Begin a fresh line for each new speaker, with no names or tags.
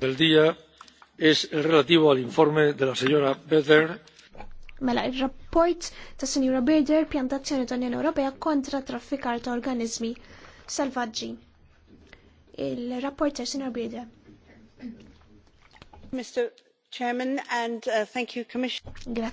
del día es relativo al informe de la señora Beder.
Mela il-rapport ta' Sinjura Beder pjantazzjoni ta' unjoni Ewropea kontra traffikar
ta' organizmi selvaġġi. Il-rapport ta' Sinjura Beder. Mr. Chairman, and uh, thank you, Commissioner.